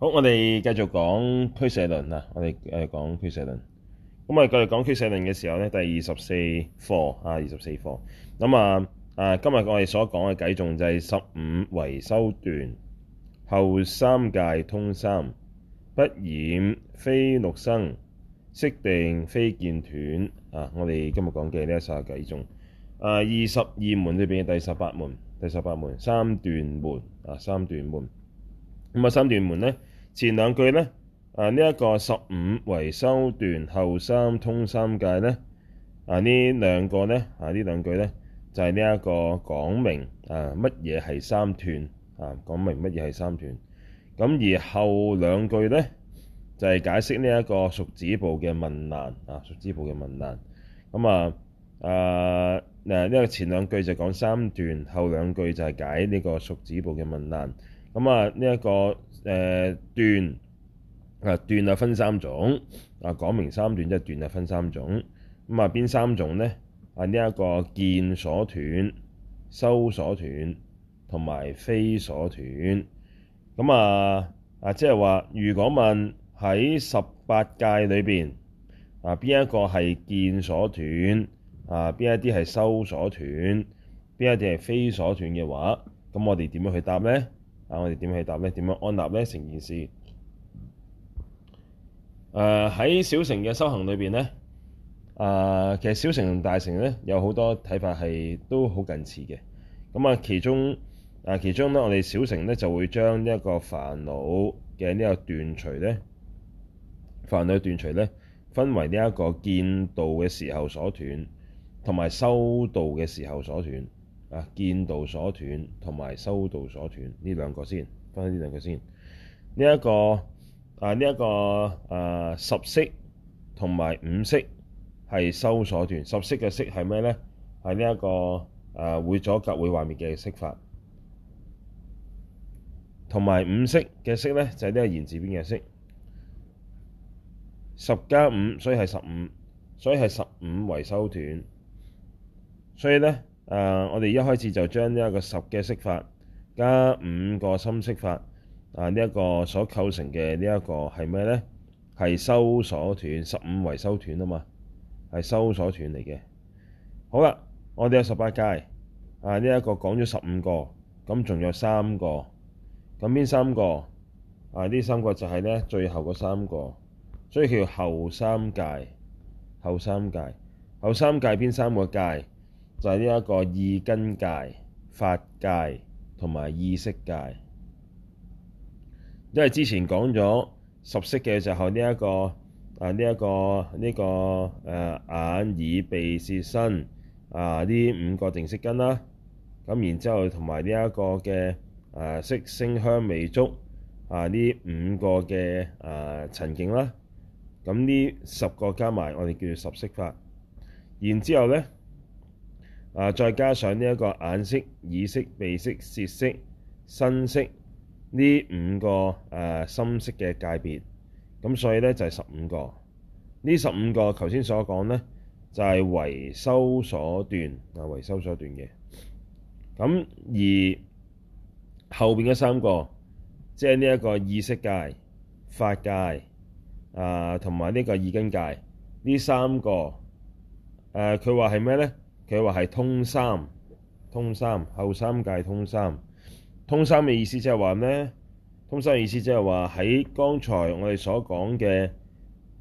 好，我哋繼續講俱舍論嗱，我哋誒繼續講俱舍論。咁我哋繼續講俱舍論嘅時候咧，第二十四課啊，二十四課。咁啊，啊今日我哋所講嘅偈頌就係十五唯修斷，後三界通三，不染非六生，色定非見斷啊。我哋今日講嘅呢一首偈頌啊，二十二門裡邊，第十八門，第十八門三斷門啊，三斷門。咁啊，三斷門咧。前兩句咧，啊呢一、這個十五唯修斷，後三通三界咧，啊兩呢兩個咧，啊兩呢兩句咧就係呢一個講明啊乜嘢係三斷，啊講明乜嘢係三斷。咁、啊啊、而後兩句咧就係、是、解釋呢一個犢子部嘅問難啊犢子部嘅問難。咁啊啊誒呢一個前兩句就講三斷，後兩句就係解呢個犢子部嘅問難。咁啊呢一、這個。誒斷，呃、啊斷啊分三種，啊講明三斷，即係斷啊分三種。咁啊邊三種咧？啊呢一、這個見所斷、修所斷同埋非所斷。咁啊啊即係話，如果問喺十八界裏邊，啊邊一個係見所斷，啊邊一啲係修所斷，邊一啲係非所斷嘅話，咁我哋點樣去答咧？啊！我哋點去答咧？點樣安立咧？成件事誒喺、呃、小乘嘅修行裏邊咧，啊、呃，其實小乘同大乘咧有好多睇法係都好近似嘅。咁、嗯、啊，其中啊，其中咧，我哋小乘咧就會將呢一個煩惱嘅呢個斷除咧，煩惱斷除咧，分為呢一個見道嘅時候所斷，同埋修道嘅時候所斷。啊，見道所斷同埋修道所斷呢兩個先，分析呢兩個先。呢一個啊，呢一個啊，十色同埋五識係修所斷。十色嘅色係咩咧？係呢一個啊，會阻隔會幻面嘅色法。同埋五識嘅識咧，就係呢個言字邊嘅識。十加五，所以係十五，所以係十五為修斷。所以咧。誒，uh, 我哋一開始就將呢一個十嘅色法加五個心識法，啊，呢、這、一個所構成嘅呢一個係咩咧？係修所斷，十五唯修斷啊嘛，係修所斷嚟嘅。好啦，我哋有十八界，啊，呢、這、一個講咗十五個，咁、嗯、仲有三個，咁邊三個？啊，呢三個就係咧最後嗰三個，所以叫後三界。後三界，後三界邊三,三個界？就係呢一個意根界、法界同埋意識界。因為之前講咗十色嘅時候，呢、啊、一、這個、這個、啊呢一個呢個誒眼鼻身、耳、啊、鼻、舌、身啊呢五個定色根啦。咁、啊、然之後同埋呢一個嘅誒、啊、色香味觸、聲、啊、香、味、觸啊呢五個嘅誒塵境啦。咁、啊、呢、啊、十個加埋，我哋叫做十色法。然之後咧。啊！再加上呢一個眼識、耳識、鼻識、舌識、身識，呢五個誒心識嘅界別，咁所以咧就係十五個。呃、呢十五、就是、個頭先所講咧就係唯修所斷，嗱唯修所斷嘅。咁而後邊嗰三個即係呢一個意識界、法界啊，同埋呢個意根界呢三個誒，佢話係咩咧？佢話係通三，通三後三界通三，通三嘅意思即係話咩？通三嘅意思即係話喺剛才我哋所講嘅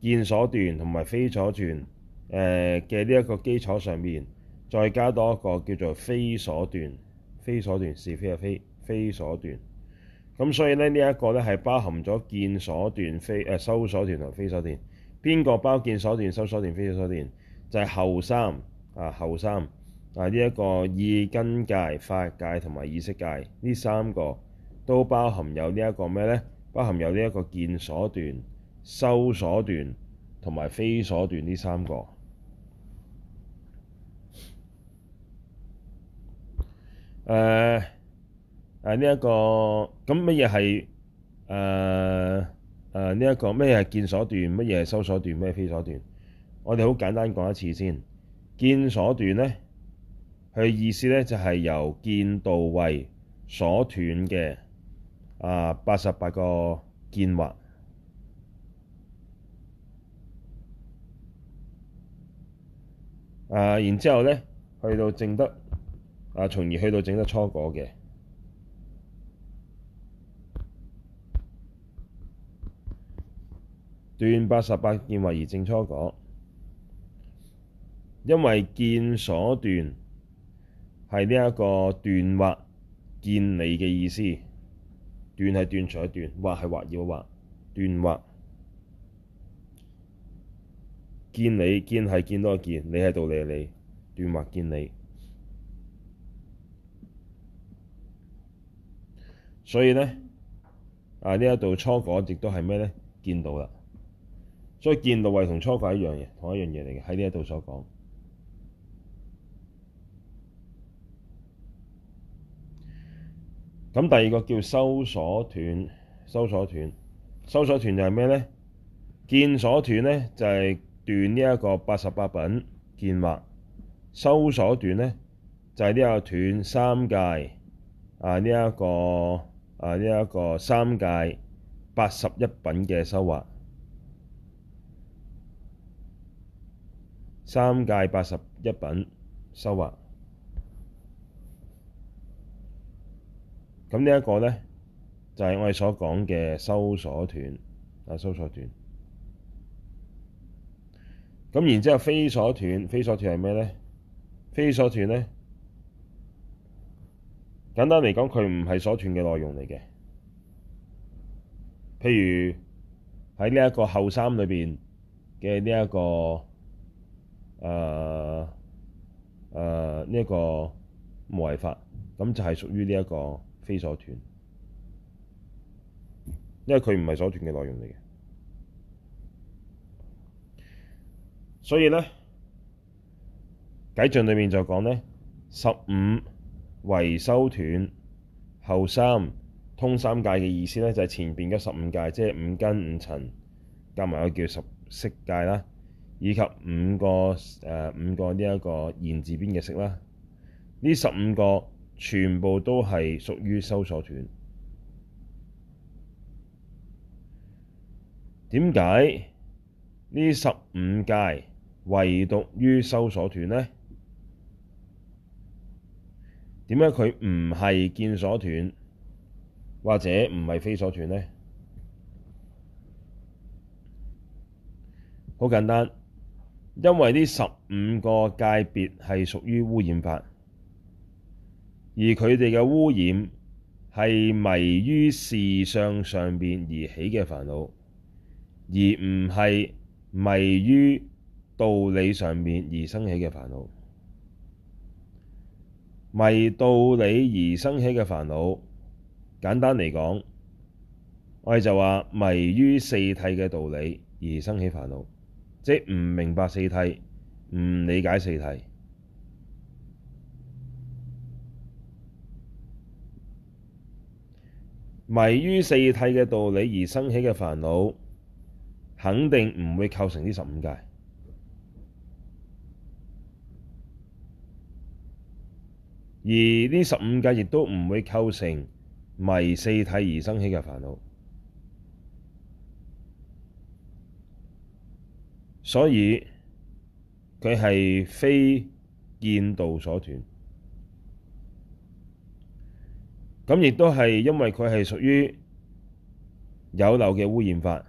見所斷同埋非所斷，誒嘅呢一個基礎上面，再加多一個叫做非所斷，非所斷是非啊非，非所斷。咁所以咧呢一、這個咧係包含咗見所斷、非誒修所斷同非所斷，邊個包見所斷、修所斷、非所斷？就係、是、後三。啊，後三啊，呢、這、一個意根界、法界同埋意識界呢三個都包含有、這個、呢一個咩咧？包含有呢、這、一個見所斷、修所斷同埋非所斷呢三個。誒、呃、誒，呢、啊、一、這個咁乜嘢係誒誒？呢一、呃啊這個咩係見所斷？乜嘢係修所斷？乜嘢非所斷？我哋好簡單講一次先。見所斷呢，佢意思呢就係由見道位所斷嘅啊八十八個見惑啊，然之後呢去到證得，啊，從而去到證得初果嘅斷八十八見惑而證初果。因為見所斷係呢一個斷或見理嘅意思，斷係斷除一段，或係或要一劃斷或見理見係見到一見，理係道理理，理斷或見理，所以呢，啊呢一度初果亦都係咩呢？見道啦，所以見道位同初果一樣嘢，同一樣嘢嚟嘅喺呢一度所講。咁第二個叫修所斷，修所斷，修所斷就係咩咧？見所斷咧就係斷呢一個八十八品見惑，修所斷咧就係呢一個斷三界啊呢一個啊呢一個三界八十一品嘅修惑，三界八十一品修惑。咁呢一個咧，就係、是、我哋所講嘅修所斷啊！修所斷。咁然之後非所斷，非所斷，非所斷係咩咧？非所斷咧，簡單嚟講，佢唔係所斷嘅內容嚟嘅。譬如喺呢一個後三裏邊嘅呢一個啊啊呢一個無漏法，咁就係屬於呢一個，非所斷，因為佢唔係所斷嘅內容嚟嘅，所以咧計帳裏面就講咧十五唯修斷後三通三界嘅意思咧，就係、是、前邊嘅十五界，即係五根五塵加埋個叫十色界啦，以及五個誒五個呢一個言字邊嘅識啦，呢十五個。呃全部都係屬於修所斷。點解呢十五界唯獨於修所斷呢？點解佢唔係見所斷或者唔係非所斷呢？好簡單，因為呢十五個界別係屬於污染法。而佢哋嘅污染係迷於事相上邊而起嘅煩惱，而唔係迷於道理上邊而生起嘅煩惱。迷道理而生起嘅煩惱，簡單嚟講，我哋就話迷於四諦嘅道理而生起煩惱，即唔明白四諦，唔理解四諦。迷於四諦嘅道理而生起嘅煩惱，肯定唔會構成呢十五界；而呢十五界亦都唔會構成迷四諦而生起嘅煩惱。所以佢係非見道所斷。咁亦都係因為佢係屬於有漏嘅污染法，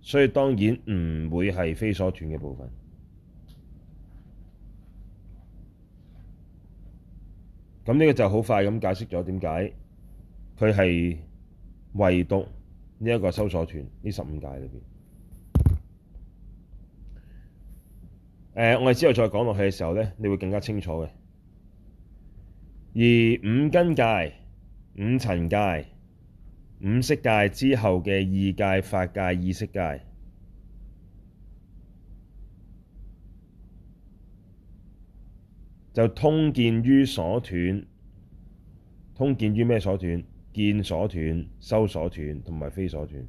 所以當然唔會係非所斷嘅部分。咁、這、呢個就好快咁解釋咗點解佢係唯獨呢一個修所斷呢十五界裏邊。誒、呃，我哋之後再講落去嘅時候咧，你會更加清楚嘅。而五根界。五塵界、五色界之後嘅二界、法界、意識界，就通見於所斷，通見於咩所斷？見所斷、收所斷同埋非所斷。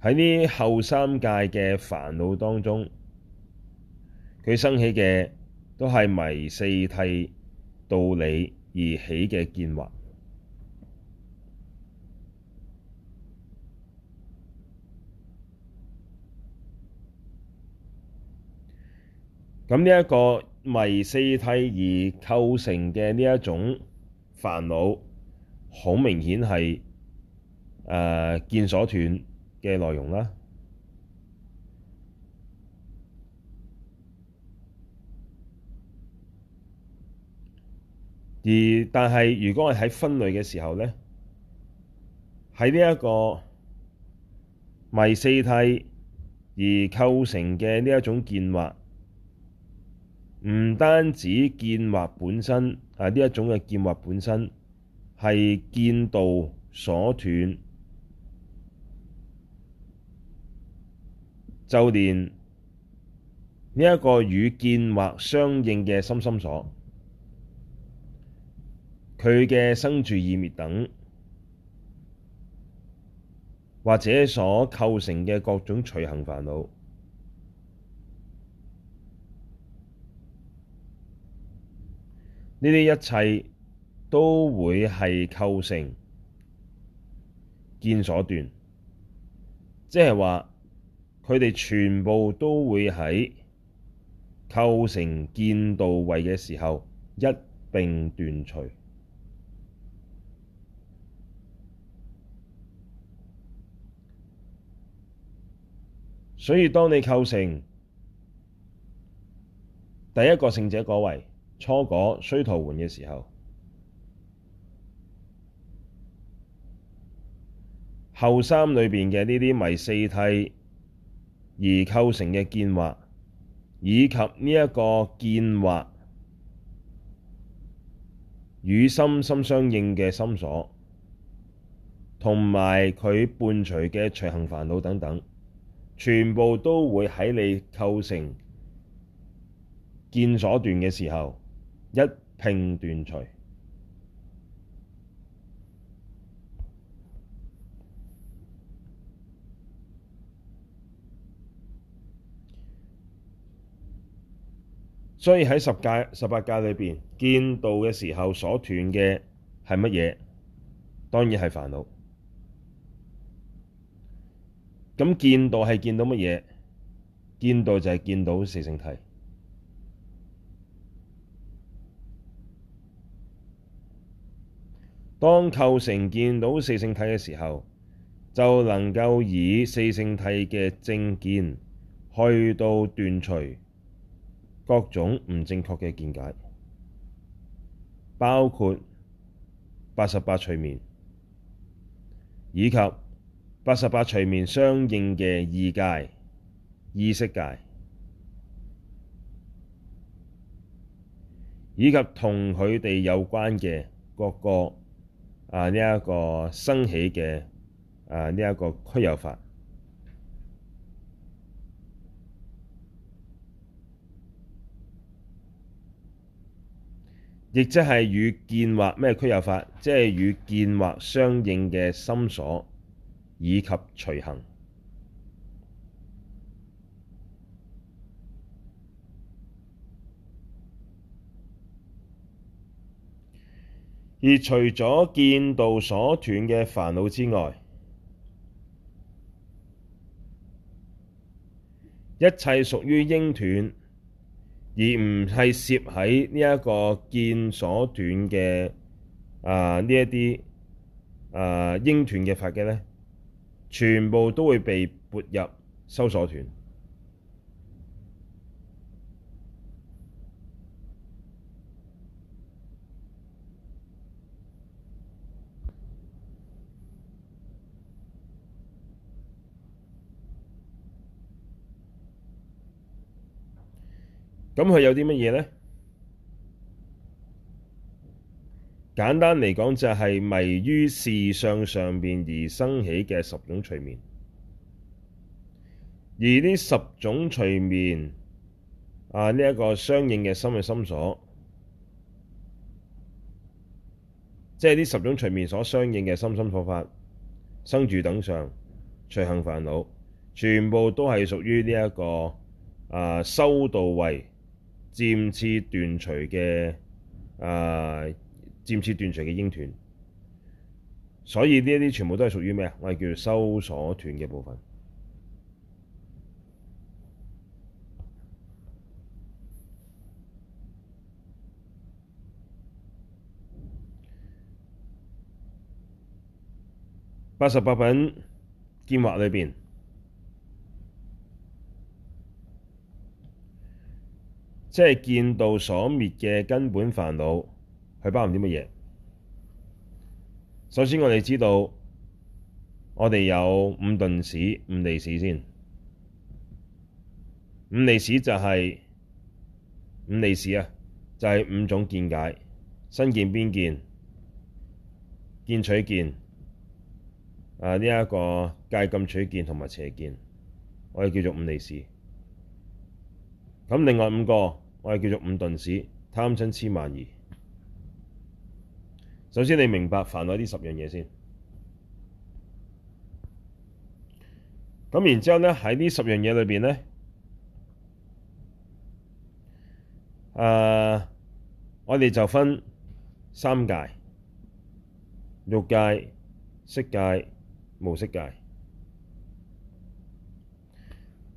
喺呢後三界嘅煩惱當中。佢生起嘅都係迷四諦道理而起嘅見惑，咁呢一個迷四諦而構成嘅呢一種煩惱，好明顯係誒、呃、見所斷嘅內容啦。而但係，如果我喺分類嘅時候呢，喺呢一個迷四諦而構成嘅呢一種見惑，唔單止見惑本身啊，呢一種嘅見惑本身係見道所斷，就連呢一個與見惑相應嘅心心所。佢嘅生住異滅等，或者所構成嘅各種隨行煩惱，呢啲一切都會係構成見所斷，即係話佢哋全部都會喺構成見道位嘅時候一並斷除。所以，當你構成第一個聖者果位初果須陀洹嘅時候，後三裏邊嘅呢啲迷四諦而構成嘅見惑，以及呢一個見惑與心心相應嘅心所，同埋佢伴隨嘅隨行煩惱等等。全部都會喺你構成見所斷嘅時候一併斷除，所以喺十界、十八界裏邊見道嘅時候所斷嘅係乜嘢？當然係煩惱。咁見到係見到乜嘢？見到就係見到四聖諦。當構成見到四聖諦嘅時候，就能夠以四聖諦嘅正見去到斷除各種唔正確嘅見解，包括八十八隨眠，以及，八十八隨眠相應嘅意界、意識界，以及同佢哋有關嘅各個啊呢一個生起嘅啊呢一個俱有法，亦即係與見惑咩俱有法，即係與見惑相應嘅心所。以及隨行，而除咗見道所斷嘅煩惱之外，一切屬於應斷，而唔係攝喺呢一個見所斷嘅啊呢一啲啊應斷嘅法嘅呢。全部都會被撥入修所斷。咁佢有啲乜嘢呢？簡單嚟講，就係、是、迷於事相上邊而生起嘅十種隨眠。而呢十種隨眠，啊呢一、這個相應嘅心嘅心所，即係呢十種隨眠所相應嘅心心所法，生住等上隨行煩惱，全部都係屬於呢、這、一個啊修道位漸次斷除嘅啊。漸次斷除嘅鷹斷，所以呢啲全部都係屬於咩啊？我哋叫做修所斷嘅部分。八十八品見惑裏邊，即係見到所滅嘅根本煩惱。佢包含啲乜嘢？首先，我哋知道我哋有五鈍使、五利使先。五利使就係、是、五利使啊，就係、是、五種見解：身見邊見、見取見啊，呢、這、一個戒禁取見同埋邪見，我哋叫做五利使。咁另外五個，我哋叫做五鈍使：貪、瞋、癡、慢、疑。首先，你明白煩惱呢十樣嘢先。咁然之後咧，喺呢十樣嘢裏邊咧，誒，我哋就分三界：欲界、色界、無色界。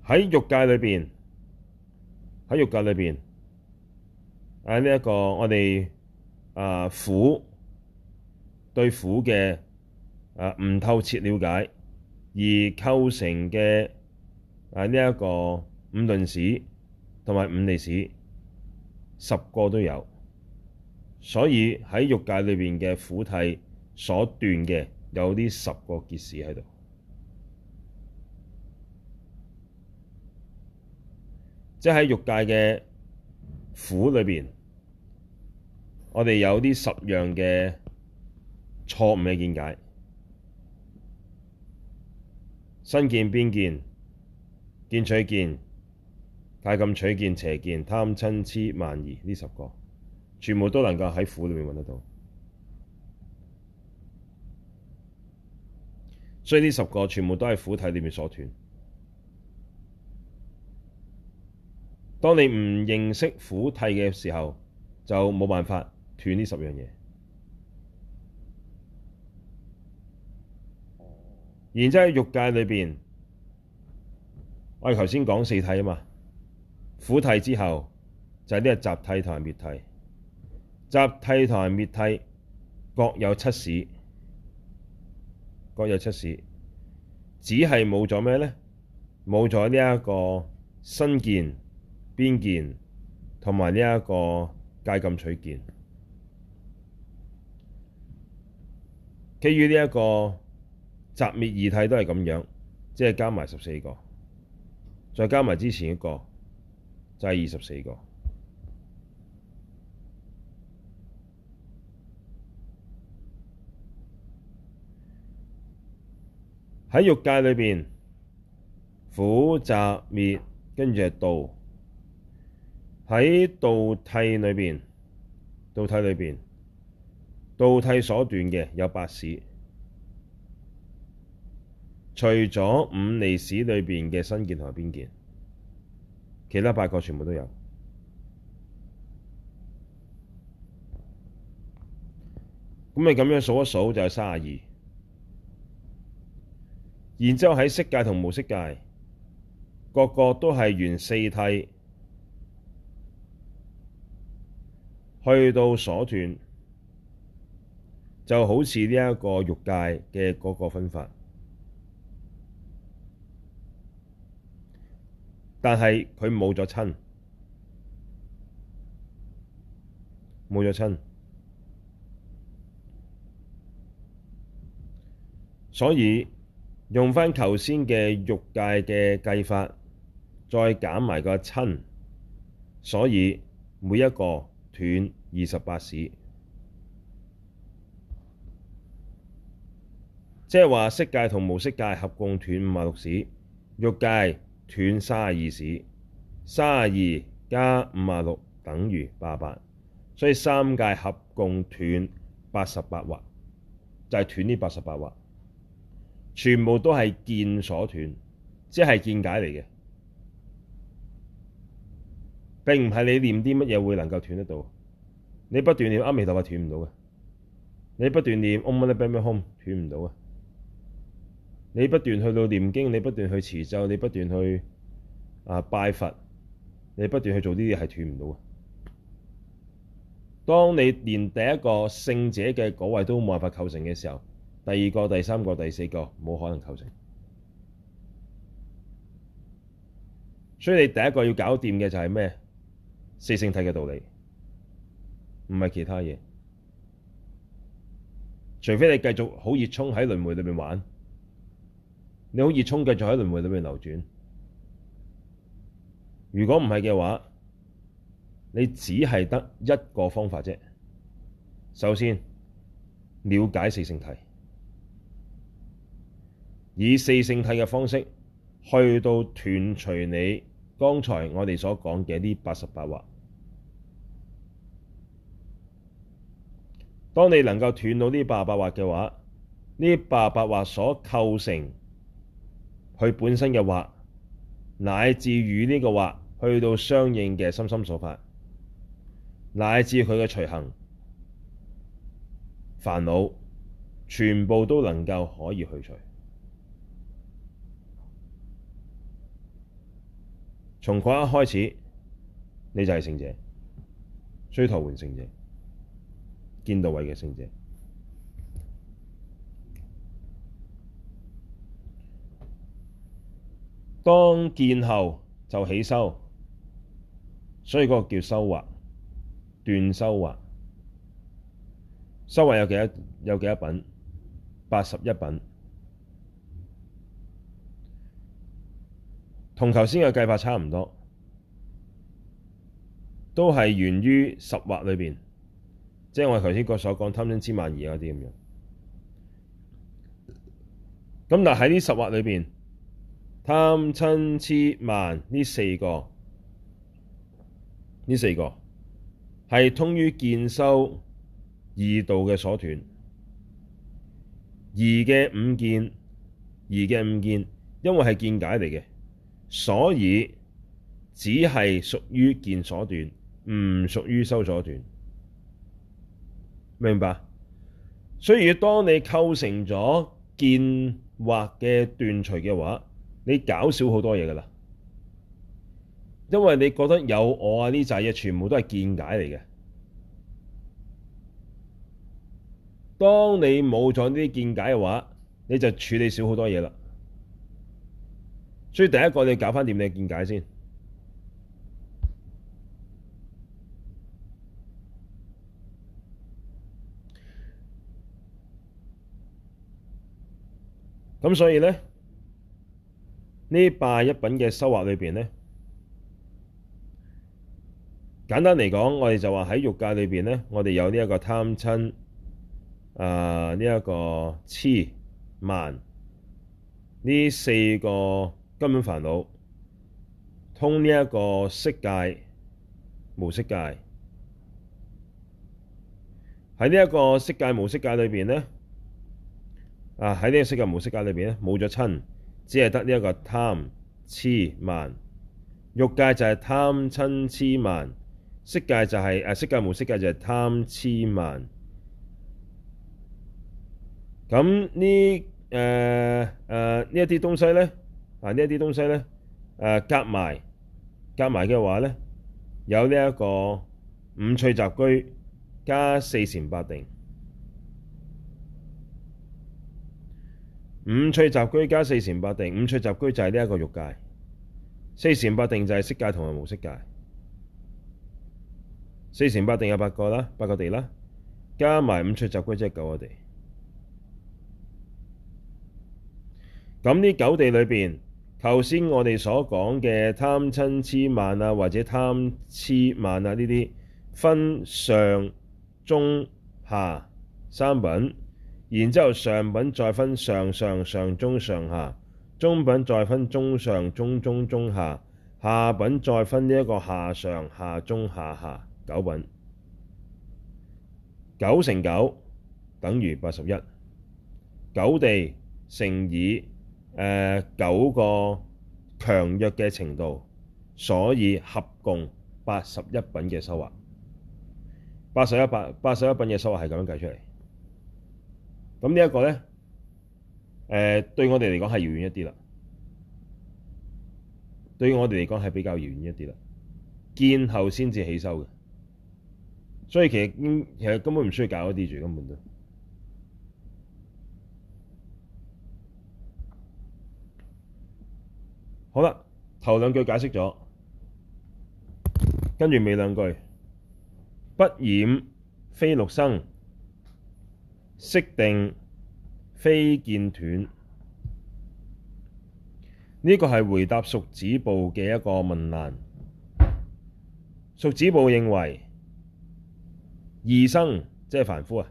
喺欲界裏邊，喺欲界裏邊，喺呢一個我哋誒苦。對苦嘅唔透徹了解，而構成嘅呢一個五鈍使同埋五利使，十個都有，所以喺欲界裏邊嘅苦諦所斷嘅有啲十個結使喺度，即係喺欲界嘅苦裏邊，我哋有啲十樣嘅錯誤嘅見解，身見邊見、見取見、戒禁取見、邪見、貪嗔癡慢疑呢十個，全部都能夠喺苦裏面揾得到。所以呢十個全部都係苦諦裏面所斷。當你唔認識苦諦嘅時候，就冇辦法斷呢十樣嘢。然之後喺欲界裏邊，我哋頭先講四諦啊嘛，苦諦之後就係呢個集諦同埋滅諦，集諦同埋滅諦各有七使，各有七使，只係冇咗咩咧？冇咗呢一個身見邊見同埋呢一個戒禁取見，基於呢一個。集滅二諦都係咁樣，即係加埋十四個，再加埋之前一個，就係二十四個。喺欲界裏邊，苦集滅跟住係道。喺道諦裏邊，道諦裏邊，道諦所斷嘅有八使。除咗五利使裏邊嘅身見同埋邊見，其他八個全部都有。咁你咁樣數一數就係三十二。然之後喺色界同無色界，各個都係緣四諦，去到所斷，就好似呢一個欲界嘅嗰個分法。但係佢冇咗瞋，冇咗瞋，所以用返頭先嘅欲界嘅計法，再減埋個瞋，所以每一個斷二十八使，即係話色界同無色界合共斷五十六使，欲界，斷三十二使，三十二加五十六等於八八，88，所以三界合共斷八十八劃，就係斷呢八十八劃，全部都係見所斷，即係見解嚟嘅，並唔係你念啲乜嘢會能夠斷得到，你不斷念阿彌陀佛斷唔到嘅，你不斷念嗡嘛呢叭咪吽斷唔到啊。你不斷去到念經，你不斷去持咒，你不斷去、啊、拜佛，你不斷去做呢啲嘢係斷唔到嘅。當你連第一個聖者嘅果位都冇辦法構成嘅時候，第二個、第三個、第四個冇可能構成。所以你第一個要搞掂嘅就係咩？四聖諦嘅道理，唔係其他嘢。除非你繼續好熱衷喺輪回裏面玩。你好熱衷繼續喺輪迴裏面流轉。如果唔係嘅話，你只係得一個方法啫。首先，了解四聖諦，以四聖諦嘅方式去到斷除你剛才我哋所講嘅呢八十八惑。當你能夠斷到呢八十八惑嘅話，呢八十八惑所構成。佢本身嘅惑，乃至與呢個惑去到相應嘅心心所法，乃至佢嘅隨行煩惱，全部都能夠可以去除。從嗰一刻開始，你就係聖者，須陀洹聖者，見道位嘅聖者。當見後就起修，所以嗰個叫修惑，斷修惑，修惑有幾多？有幾多品？八十一品，同頭先嘅計法差唔多，都係源於十惑裏邊，即係我哋頭先嗰所講貪嗔癡慢疑嗰啲咁樣。咁但喺呢十惑裏邊。貪嗔痴慢呢四個，呢四個係通於見修二道嘅所斷。二嘅五見，二嘅五見，因為係見解嚟嘅，所以只係屬於見所斷，唔屬於修所斷。明白？所以當你構成咗見惑嘅斷除嘅話。你搞少好多嘢噶啦，因為你覺得有我啊呢啲嘢，全部都係見解嚟嘅。當你冇咗呢啲見解嘅話，你就處理少好多嘢啦。所以第一個你搞翻掂你嘅見解先，咁所以咧。呢八一品嘅修惑裏邊呢，簡單嚟講，我哋就話喺欲界裏邊呢，我哋有呢一個貪嗔，啊呢一個痴慢，呢四個根本煩惱，通呢一個色界、無色界，喺呢一個色界、無色界裏邊呢，啊喺呢個色界、無色界裏邊呢，冇咗瞋。只係得呢一個貪痴慢，欲界就係貪瞋痴慢，色界就係、是、誒、啊、色界無色界就係貪痴慢。咁呢誒誒呢一啲東西咧，啊呢一啲東西咧誒夾埋夾埋嘅話咧，有呢一個五趣雜居加四禪八定。五趣雜居加四禪八定，五趣雜居就係呢一個欲界，四禪八定就係色界同埋無色界。四禪八定有八個啦，八個地啦，加埋五趣雜居即係九個地。咁呢九地裏邊，頭先我哋所講嘅貪嗔痴慢啊，或者貪痴慢啊呢啲，分上中下三品。然之後，上品再分上上、上中、上下，中品再分中上、中中、中下，下品再分呢一個下上、下中、下下，九品，九乘九等於八十一，九地乘以誒、呃、九個強弱嘅程度，所以合共八十一品嘅修惑，八十一八八十一品嘅修惑係咁樣計出嚟。咁呢一個咧，誒、呃，對我哋嚟講係遙遠一啲啦，對於我哋嚟講係比較遙遠一啲啦，見後先至起修嘅，所以其實其實根本唔需要搞啲住，根本都好啦。頭兩句解釋咗，跟住尾兩句，不染非六生，色定非見斷，呢個係回答犢子部嘅一個問難。犢子部認為，異生即係凡夫啊，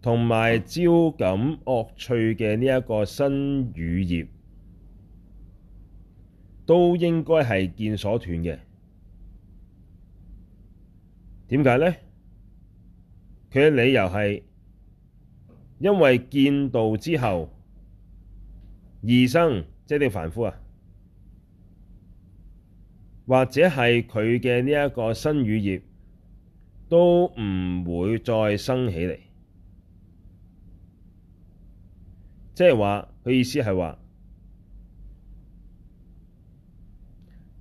同埋招感惡趣嘅呢一個身語業，都應該係見所斷嘅。點解咧？佢嘅理由係。因為見道之後，異生即係啲凡夫啊，或者係佢嘅呢一個身語業都唔會再生起嚟，即係話佢意思係話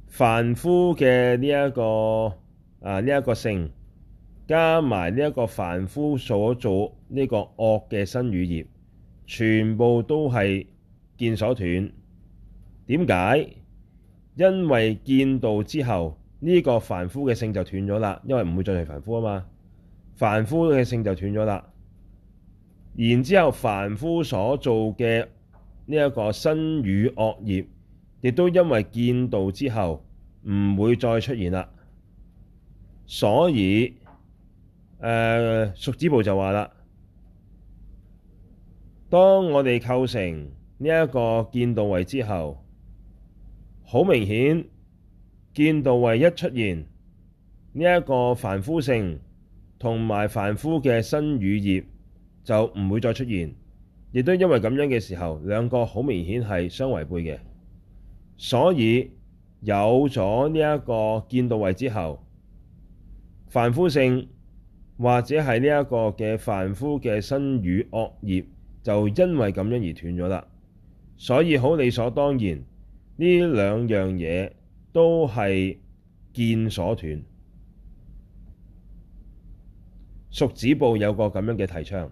凡夫嘅呢一個啊呢一個性。加埋呢一個凡夫所做呢個惡嘅身語業，全部都係見所斷。點解？因為見道之後，呢、這個凡夫嘅性就斷咗啦，因為唔會再係凡夫啊嘛。凡夫嘅性就斷咗啦。然之後，凡夫所做嘅呢一個身語惡業，亦都因為見道之後唔會再出現啦，所以。誒《犢、uh, 子部》就話啦，當我哋構成呢一個見道位之後，好明顯見道位一出現，呢、這、一個凡夫性同埋凡夫嘅身語業就唔會再出現，亦都因為咁樣嘅時候，兩個好明顯係相違背嘅，所以有咗呢一個見道位之後，凡夫性。或者係呢一個嘅凡夫嘅身語惡業，就因為咁樣而斷咗啦。所以好理所當然，呢兩樣嘢都係見所斷。《犢子部》有個咁樣嘅提倡，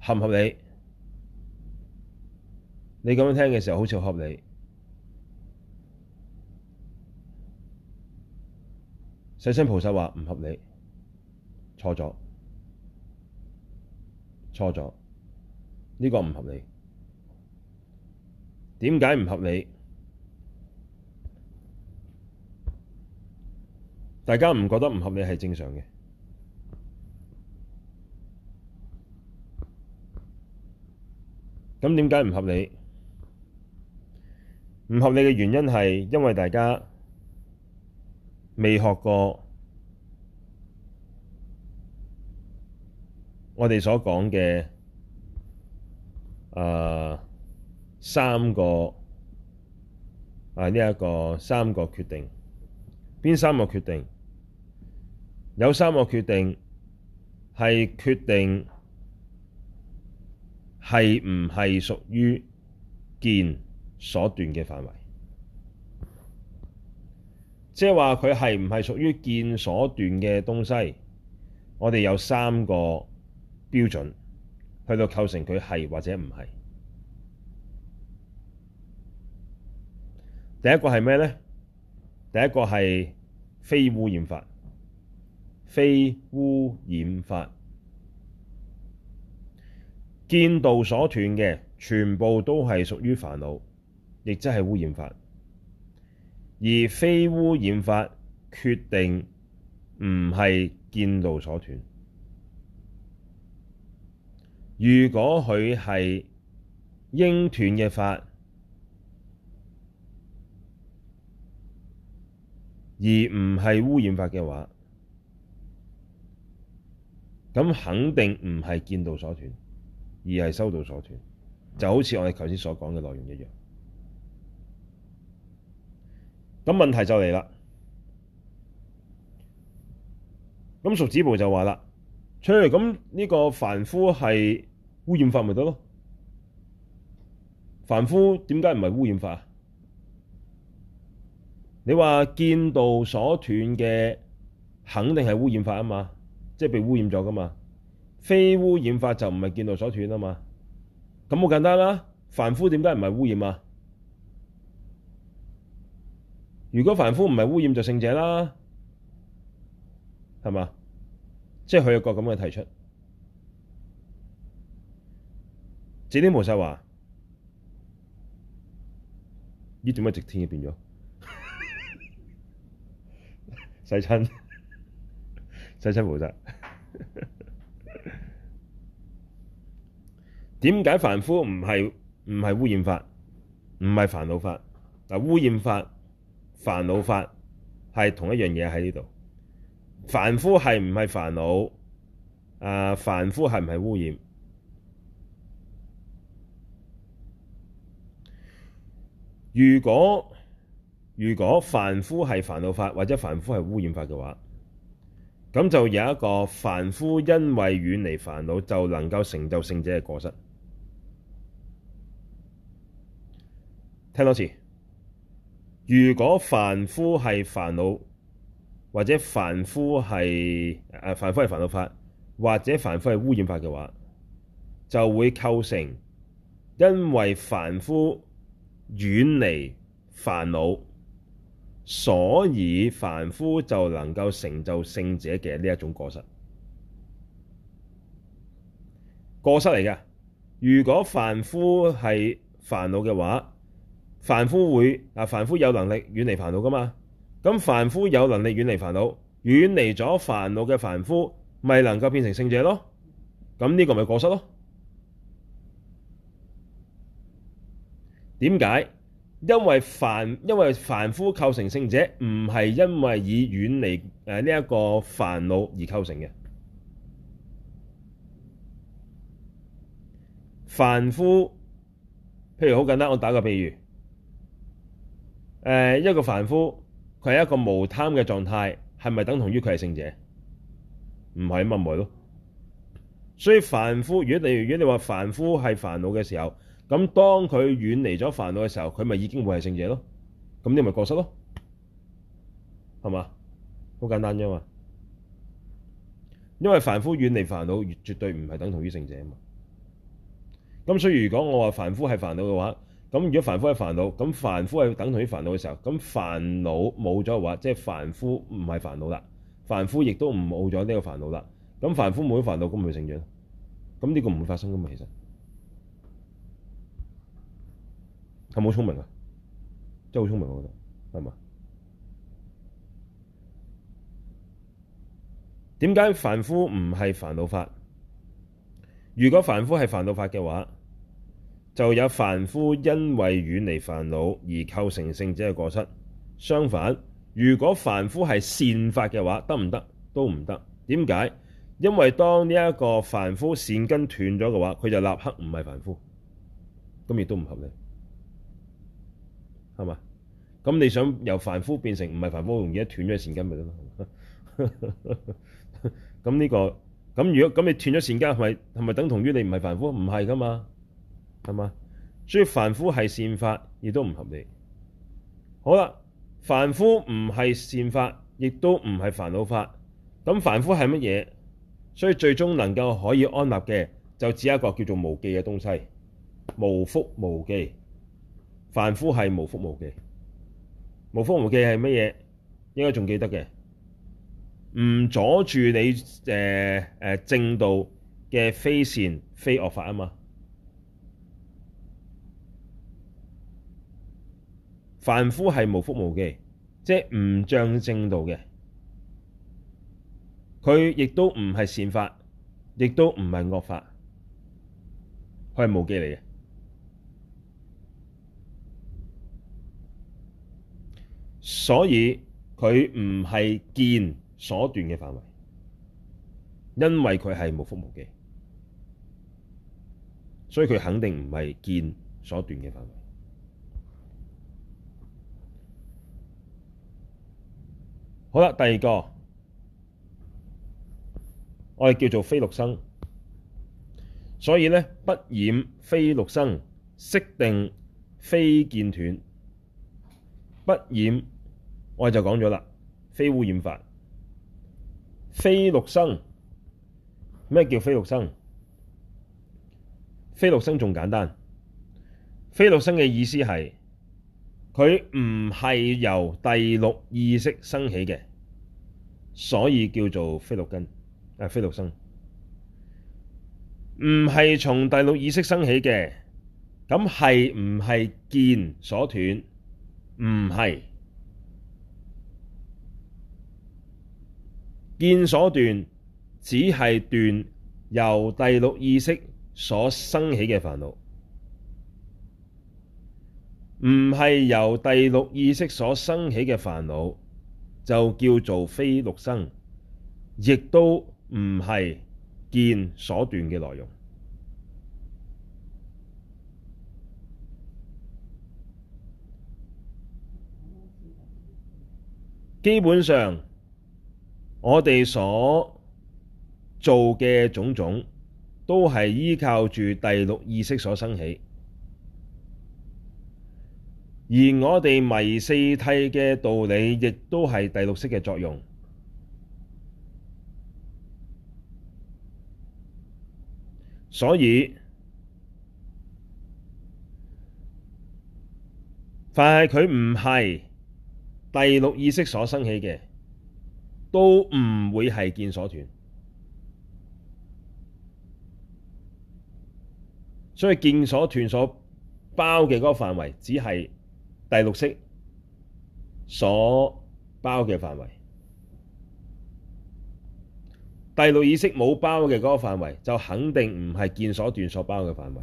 合唔合理？你咁樣聽嘅時候，好似好合理。世尊菩薩話唔合理。錯咗，錯咗，呢個唔合理。點解唔合理？大家唔覺得唔合理係正常嘅。咁點解唔合理？唔合理嘅原因係因為大家。未學過我，我哋所講嘅啊三個啊呢一個三個決定，邊三個決定？有三個決定係決定係唔係屬於見所斷嘅範圍？即係話佢係唔係屬於見所斷嘅東西？我哋有三個標準去到構成佢係或者唔係。第一個係咩呢？第一個係非污染法，非污染法，見道所斷嘅全部都係屬於煩惱，亦即係污染法。而非污染法決定唔係見道所斷。如果佢係應斷嘅法，而唔係污染法嘅話，咁肯定唔係見道所斷，而係修道所斷。就好似我哋頭先所講嘅內容一樣。咁問題就嚟啦，咁犢子部就話啦，出去咁呢個凡夫係污染法咪得咯？凡夫點解唔係污染法？你話見道所斷嘅肯定係污染法啊嘛，即係被污染咗噶嘛，非污染法就唔係見道所斷啊嘛，咁好簡單啦，啊。凡夫點解唔係污染啊？如果凡夫唔係污染就聖、是、者啦，係嘛？即係佢有個咁嘅提出，天薩直天 菩薩話：呢點解直天嘅變咗？世親世親菩薩，點解凡夫唔係唔係污染法，唔係煩惱法？嗱，污染法。.煩惱法係同一樣嘢喺呢度，凡夫係唔係煩惱？啊、呃，凡夫係唔係污染？如果如果凡夫係煩惱法或者凡夫係污染法嘅話，咁就有一個凡夫因為遠離煩惱就能夠成就聖者嘅過失。聽多次。如果凡夫係煩惱，或者凡夫係誒凡夫係煩惱法，或者凡夫係污染法嘅話，就會構成因為凡夫遠離煩惱，所以凡夫就能夠成就聖者嘅呢一種過失。過失嚟㗎。如果凡夫係煩惱嘅話。凡夫會啊，凡夫有能力遠離煩惱噶嘛？咁凡夫有能力遠離煩惱，遠離咗煩惱嘅凡夫，咪能夠變成聖者咯？咁呢個咪過失咯？點解？因為凡因為凡夫構成聖者，唔係因為以遠離誒呢一個煩惱而構成嘅。凡夫，譬如好簡單，我打個比喻。誒、呃，一個凡夫，佢係一個無貪嘅狀態，係咪等同於佢係聖者？唔係乜咪咯？所以凡夫，如果你如果你話凡夫係煩惱嘅時候，咁當佢遠離咗煩惱嘅時候，佢咪已經會係聖者咯？咁你咪過失咯？係嘛？好簡單啫嘛。因為凡夫遠離煩惱，越絕對唔係等同於聖者啊嘛。咁所以如果我話凡夫係煩惱嘅話。咁如果凡夫係煩惱，咁凡夫係等同於煩惱嘅時候，咁煩惱冇咗嘅話，即係凡夫唔係煩惱啦，凡夫亦都唔冇咗呢個煩惱啦。咁凡夫冇咗煩惱，咁咪成聖？咁呢個唔會發生噶嘛，其實係咪好聰明啊？真係好聰明，我覺得係嘛？點解凡夫唔係煩惱法？如果凡夫係煩惱法嘅話，就有凡夫因為遠離煩惱而構成聖者嘅過失。相反，如果凡夫係善法嘅話，得唔得？都唔得。點解？因為當呢一個凡夫善根斷咗嘅話，佢就立刻唔係凡夫。咁亦都唔合理，係嘛？咁你想由凡夫變成唔係凡夫，容易一斷咗善根咪得咯？咁呢、 這個咁如果咁你斷咗善根，係咪係咪等同於你唔係凡夫？唔係噶嘛？係嘛？所以凡夫係善法，亦都唔合理。好啦，凡夫唔係善法，亦都唔係煩惱法。咁凡夫係乜嘢？所以最終能夠可以安立嘅，就只有一個叫做無記嘅東西，無覆無記。凡夫係無覆無記。無覆無記係乜嘢？應該仲記得嘅，唔阻住你誒誒、呃呃、正道嘅非善非惡法啊嘛。凡夫係無覆無記，即係唔仗正道嘅，佢亦都唔係善法，亦都唔係惡法，佢係無記嚟嘅，所以佢唔係見所斷嘅範圍，因為佢係無覆無記，所以佢肯定唔係見所斷嘅範圍。好啦，第二個我哋叫做非六生，所以咧，不染非六生，色定非見斷。不染我哋就講咗啦，非污染法。非六生，咩叫非六生？非六生仲簡單，非六生嘅意思係。佢唔係由第六意識生起嘅，所以叫做非六根，啊非六生，唔係從第六意識生起嘅，咁係唔係見所斷？唔係見所斷，只係斷由第六意識所生起嘅煩惱。唔係由第六意識所生起嘅煩惱，就叫做非六生，亦都唔係見所斷嘅內容。基本上，我哋所做嘅種種，都係依靠住第六意識所生起。而我哋迷四諦嘅道理，亦都係第六識嘅作用。所以，凡係佢唔係第六意識所生起嘅，都唔會係見所斷。所以見所斷所包嘅嗰個範圍，只係。第六識所包嘅範圍，第六意識冇包嘅嗰個範圍，就肯定唔係見所斷所包嘅範圍。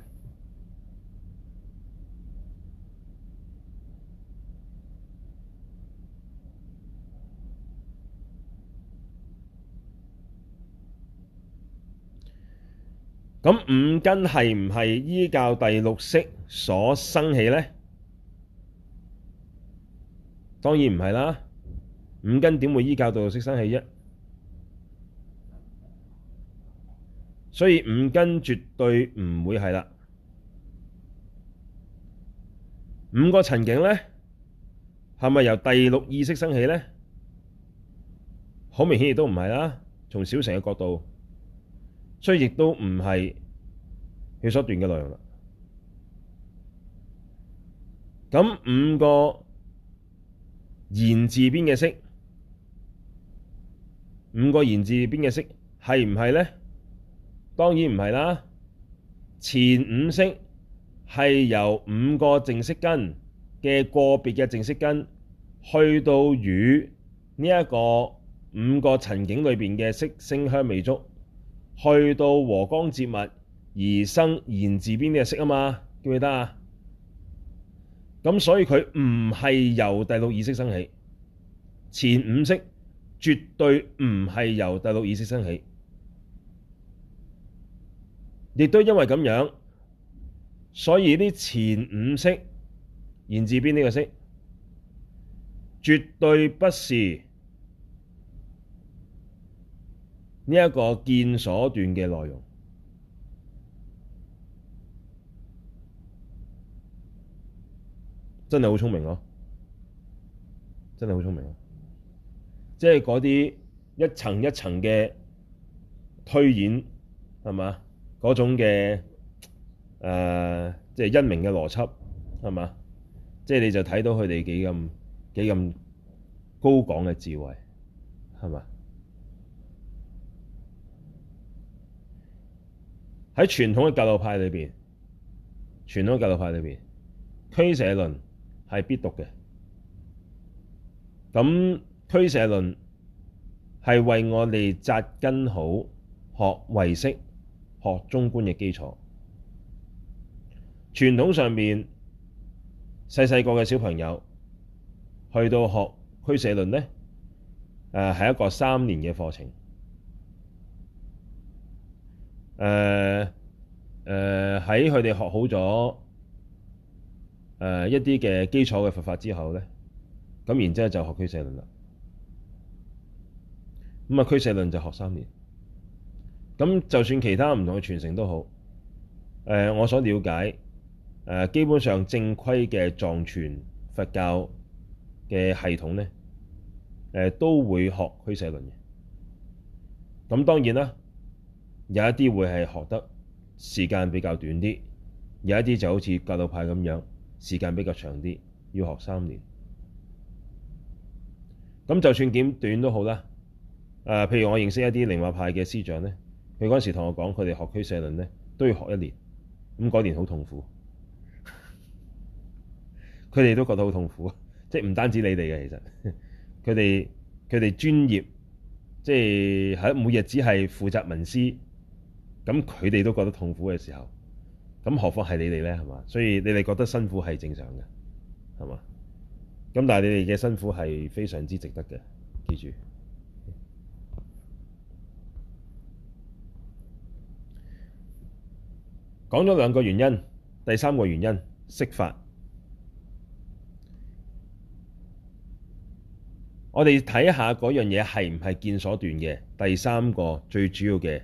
咁五根係唔係依靠第六識所生起呢？當然唔係啦，五根點會依靠第六識生起啫？所以五根絕對唔會係啦。五個塵境咧，係咪由第六意識生起咧？好明顯亦都唔係啦。從小乘嘅角度，所以亦都唔係要所斷嘅內容啦。咁五個。言字邊嘅色，五個言字邊嘅色係唔係呢？當然唔係啦。前五色係由五個正式根嘅個別嘅正式根去到與呢一個五個層景裏邊嘅色，聲香味足，去到和光接物而生言字邊嘅色啊嘛，記唔記得啊？咁所以佢唔係由第六意識生起，前五識絕對唔係由第六意識生起，亦都因為咁樣，所以啲前五識，言字邊呢個識，絕對不是呢一個見所斷嘅內容。真係好聰明咯！真係好聰明，即係嗰啲一層一層嘅推演係嘛？嗰種嘅誒、呃，即係因明嘅邏輯係嘛？即係你就睇到佢哋幾咁幾咁高廣嘅智慧係嘛？喺傳統嘅格魯派裏邊，傳統嘅格魯派裏邊，俱舍論，係必讀嘅，咁《俱舍論》係為我哋扎根好學唯識、學中觀嘅基礎。傳統上面，細細個嘅小朋友去到學《俱舍論》呢，誒、呃、係一個三年嘅課程。誒、呃、誒，喺佢哋學好咗。誒、呃、一啲嘅基礎嘅佛法之後咧，咁然之後就學區舍論俱舍論啦。咁啊，俱舍論就學三年。咁就算其他唔同嘅傳承都好，誒、呃、我所了解，誒、呃、基本上正規嘅藏傳佛教嘅系統咧，誒、呃、都會學俱舍論嘅。咁當然啦，有一啲會係學得時間比較短啲，有一啲就好似格魯派咁樣，時間比較長啲，要學三年。咁就算點短都好啦。誒、呃，譬如我認識一啲寧瑪派嘅師長咧，佢嗰陣時同我講，佢哋學俱舍論咧都要學一年。咁嗰年好痛苦，佢哋 都覺得好痛苦。即係唔單止你哋嘅，其實佢哋佢哋專業，即係喺每日只係負責聞思，咁佢哋都覺得痛苦嘅時候，咁何況係你哋呢？係嘛？所以你哋覺得辛苦係正常嘅，係嘛？咁但係你哋嘅辛苦係非常之值得嘅，記住。講咗兩個原因，第三個原因色法。我哋睇下嗰樣嘢係唔係見所斷嘅？第三個最主要嘅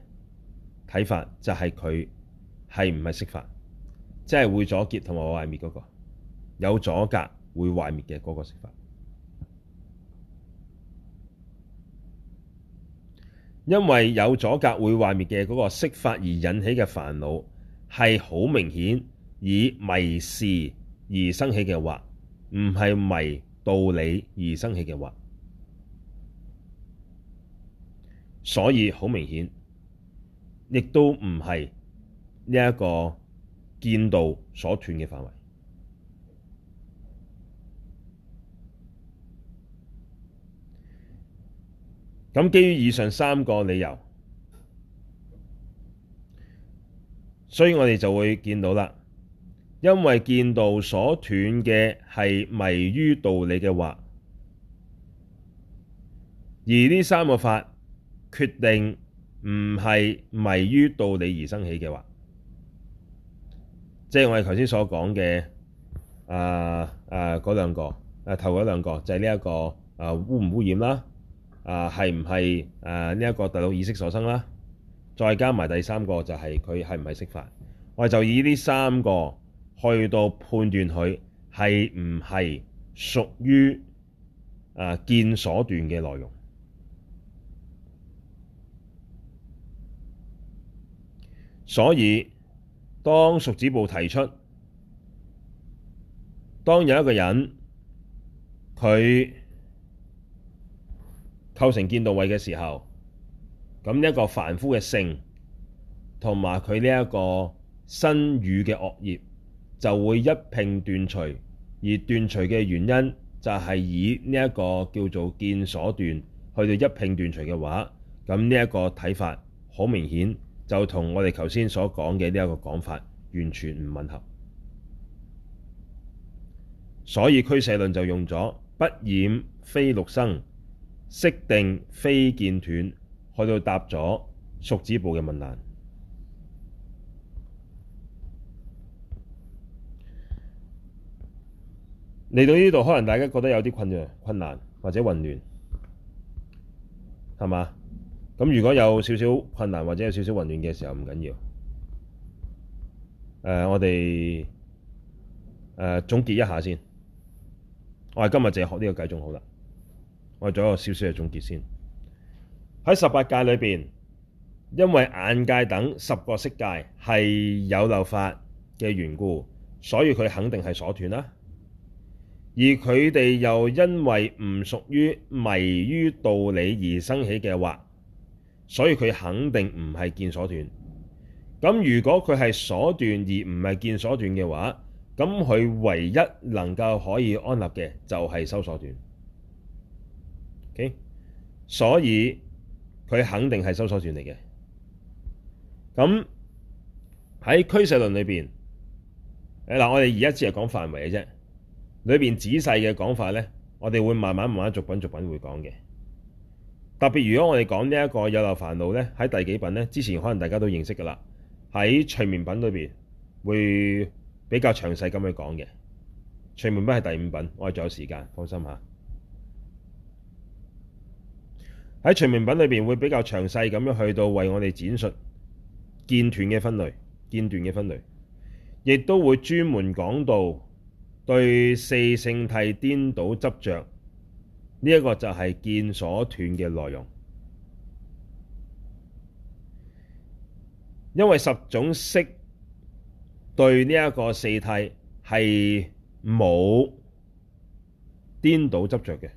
睇法就係佢。係唔係色法？即係會阻結同埋壞滅嗰個，有阻隔會壞滅嘅嗰個色法。因為有阻隔會壞滅嘅嗰個色法而引起嘅煩惱，係好明顯以迷事而生起嘅惑，唔係迷道理而生起嘅惑。所以好明顯，亦都唔係呢一個見道所斷嘅範圍，咁基於以上三個理由，所以我哋就會見到啦。因為見道所斷嘅係迷於道理嘅惑，而呢三個法決定唔係迷於道理而生起嘅惑。即係我哋頭先所講嘅，啊啊嗰兩個，啊頭嗰兩個就係呢一個啊污唔污染啦，啊係唔係啊呢一個第六意識所生啦，再加埋第三個就係佢係唔係色法，我哋就以呢三個去到判斷佢係唔係屬於啊見所斷嘅內容，所以。當犢子部提出，當有一個人佢構成見道位嘅時候，咁呢一個凡夫嘅性同埋佢呢一個身語嘅惡業就會一併斷除，而斷除嘅原因就係以呢一個叫做見所斷去到一併斷除嘅話，咁呢一個睇法，好明顯。就同我哋頭先所講嘅呢一個講法完全唔吻合，所以俱舍論就用咗不染非六生，色定非見斷，去到答咗犢子部嘅問難。嚟到呢度，可能大家覺得有啲困難，困難或者混亂，係嘛？咁如果有少少困難或者有少少混亂嘅時候，唔緊要。我哋誒、呃、總結一下先。我哋今日淨係學呢個計，仲好啦。我哋做一個少少嘅總結先。喺十八界裏邊，因為眼界等十個色界係有漏法嘅緣故，所以佢肯定係所斷啦。而佢哋又因為唔屬於迷於道理而生起嘅惑。所以佢肯定唔係見所斷。咁如果佢係所斷而唔係見所斷嘅話，咁佢唯一能夠可以安立嘅就係修所斷。OK，所以佢肯定係修所斷嚟嘅。咁喺俱舍論裏邊，誒嗱，我哋而家只係講範圍嘅啫。裏邊仔細嘅講法咧，我哋會慢慢慢慢逐品逐品會講嘅。特別如果我哋講呢一個有漏煩惱咧，喺第幾品咧？之前可能大家都認識嘅啦。喺隨眠品裏邊會比較詳細咁去講嘅。隨眠品係第五品，我哋仲有時間，放心下。喺隨眠品裏邊會比較詳細咁樣去到為我哋展述見斷嘅分類，見斷嘅分類，亦都會專門講到對四聖諦顛倒執着。呢一個就係見所斷嘅內容，因為十種色對呢一個四諦係冇顛倒執着嘅，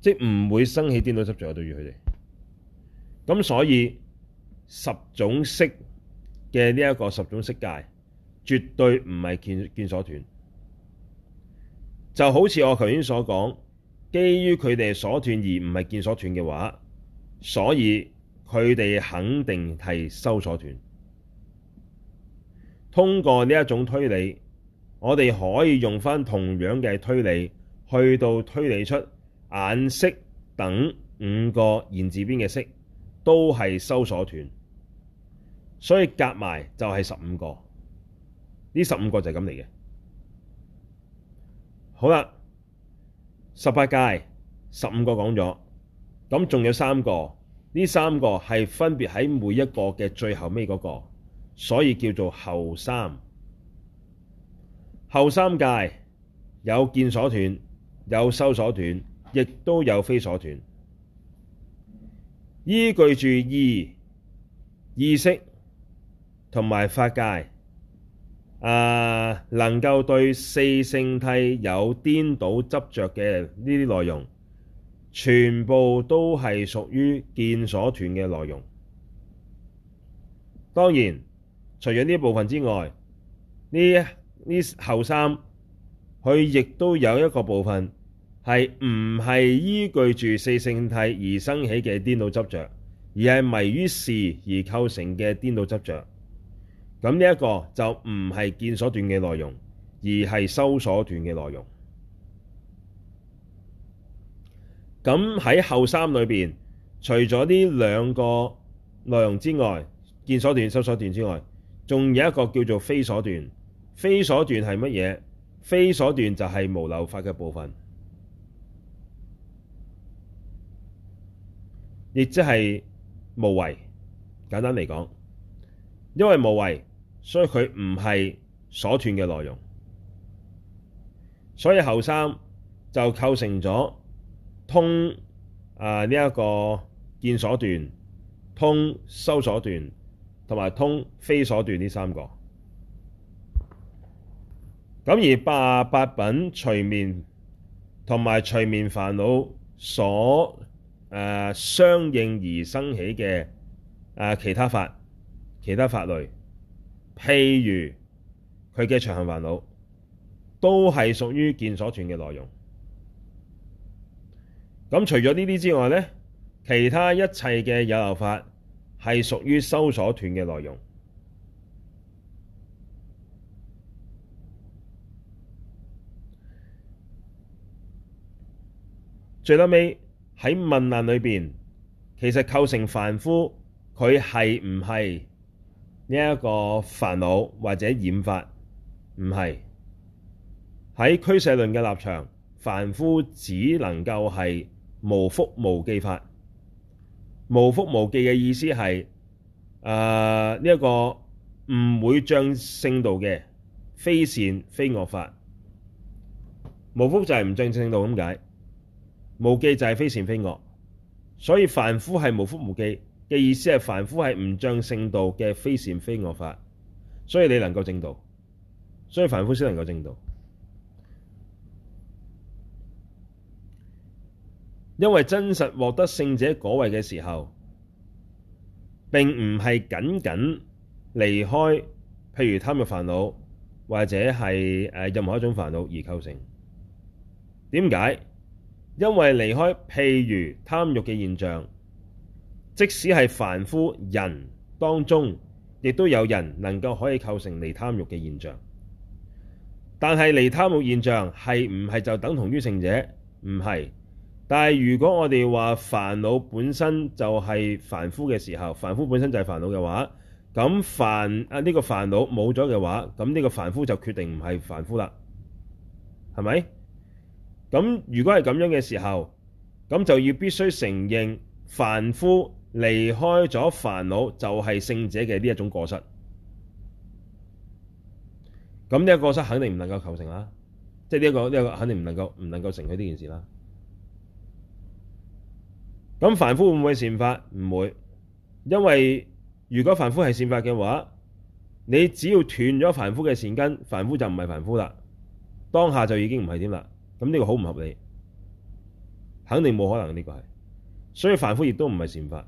即係唔會生起顛倒執著。對於佢哋，咁所以十種色嘅呢一個十種色界，絕對唔係見見所斷。就好似我頭先所講，基於佢哋所斷而唔係見所斷嘅話，所以佢哋肯定係修所斷。通過呢一種推理，我哋可以用翻同樣嘅推理去到推理出眼色等五個言字邊嘅色都係修所斷，所以夾埋就係十五個。呢十五個就係咁嚟嘅。好啦，十八界十五個講咗，咁仲有三個，呢三個係分別喺每一個嘅最後尾嗰個，所以叫做後三後三界，有見所斷，有修所斷，亦都有非所斷，依據住意意識同埋法界。啊，能夠對四聖諦有顛倒執着嘅呢啲內容，全部都係屬於見所斷嘅內容。當然，除咗呢部分之外，呢呢後三，佢亦都有一個部分係唔係依據住四聖諦而生起嘅顛倒執着，而係迷於事而構成嘅顛倒執着。咁呢一個就唔係見所斷嘅內容，而係修所斷嘅內容。咁喺後三裏邊，除咗呢兩個內容之外，見所斷、修所斷之外，仲有一個叫做非所斷。非所斷係乜嘢？非所斷就係無漏法嘅部分，亦即係無為。簡單嚟講，因為無為。所以佢唔係所斷嘅內容，所以後三就構成咗通啊呢一個見所斷、通修所斷同埋通非所斷呢三個。咁而八八品隨眠同埋隨眠煩惱所誒、呃、相應而生起嘅誒、呃、其他法、其他法類。譬如佢嘅隨行煩惱，都係屬於見所斷嘅內容。咁除咗呢啲之外咧，其他一切嘅有漏法係屬於修所斷嘅內容。最後尾喺問難裏邊，其實構成凡夫佢係唔係呢一個煩惱或者染法唔係。喺俱舍論嘅立場，凡夫只能夠係無覆無記法。無覆無記嘅意思係誒，呢一個唔會障聖道嘅，非善非惡法。無覆就係唔障聖道咁解，無記就係非善非惡，所以凡夫係無覆無記。嘅意思係凡夫係唔障聖道嘅非善非惡法，所以你能夠證道，所以凡夫先能夠證道。因為真實獲得聖者果位嘅時候，並唔係僅僅離開譬如貪欲煩惱，或者係誒任何一種煩惱而構成。點解？因為離開譬如貪欲嘅現象。即使係凡夫人當中，亦都有人能夠可以構成離貪欲嘅現象。但係離貪欲現象係唔係就等同於聖者？唔係。但係如果我哋話煩惱本身就係凡夫嘅時候，凡夫本身就係煩惱嘅話，咁煩啊呢個煩惱冇咗嘅話，咁呢個凡夫就決定唔係凡夫啦，係咪？咁如果係咁樣嘅時候，咁就要必須承認凡夫。離開咗煩惱就係聖者嘅呢一種過失，咁呢個過失肯定唔能夠構成啦，這個，即係呢一個呢一個肯定唔能夠唔能夠成佢呢件事啦。咁凡夫會唔會善法？唔會，因為如果凡夫係善法嘅話，你只要斷咗凡夫嘅善根，凡夫就唔係凡夫啦，當下就已經唔係點啦。咁呢個好唔合理，肯定冇可能呢個係，所以凡夫亦都唔係善法。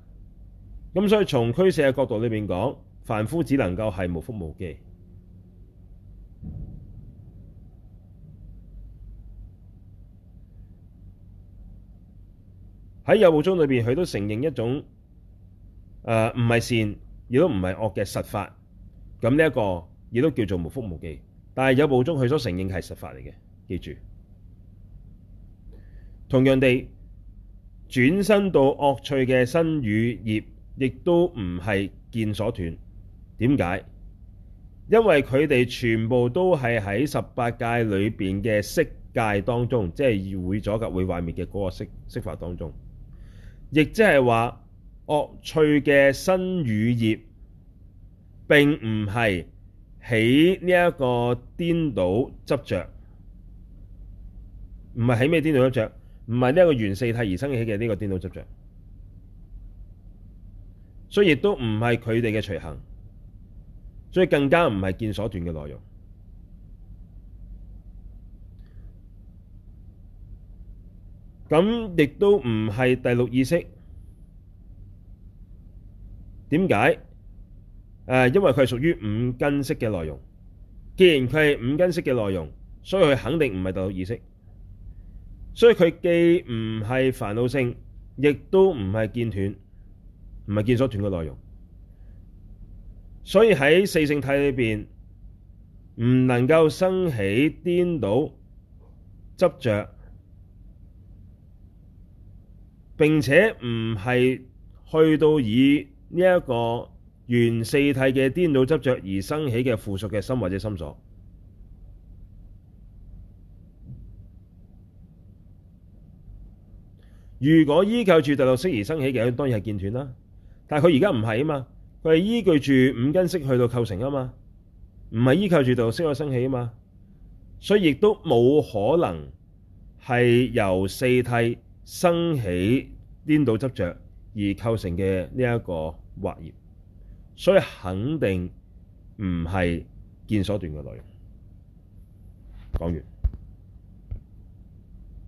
咁所以，從俱舍嘅角度裏面講，凡夫只能夠係無覆無記。喺有部宗裏邊，佢都承認一種，誒唔係善，亦都唔係惡嘅實法。咁呢一個，亦都叫做無覆無記。但係有部宗，佢所承認係實法嚟嘅，記住。同樣地，轉身到惡趣嘅身語業。亦都唔係見所斷，點解？因為佢哋全部都係喺十八界裏邊嘅色界當中，即係要會阻隔、會壞滅嘅嗰個色色法當中，亦即係話惡趣嘅身語業並唔係喺呢一個顛倒執着，唔係喺咩顛倒執着，唔係呢一個緣四諦而生起嘅呢個顛倒執着。所以亦都唔係佢哋嘅隨行，所以更加唔係見所斷嘅內容。咁亦都唔係第六意識。點解？誒，因為佢係屬於五根色嘅內容。既然佢係五根色嘅內容，所以佢肯定唔係第六意識。所以佢既唔係煩惱性，亦都唔係見斷。唔係見所斷嘅內容，所以喺四聖諦裏邊，唔能夠生起顛倒執着，執並且唔係去到以呢一個原四諦嘅顛倒執着而生起嘅附屬嘅心或者心所。如果依靠住第六識而生起嘅，當然係見斷啦。但佢而家唔係啊嘛，佢係依據住五根色去到構成啊嘛，唔係依靠住道色去生起啊嘛，所以亦都冇可能係由四諦生起顛倒執着而構成嘅呢一個畫業，所以肯定唔係見所斷嘅內容。講完。